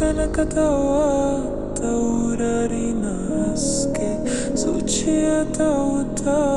kana katawa taurari naske suchi atau tau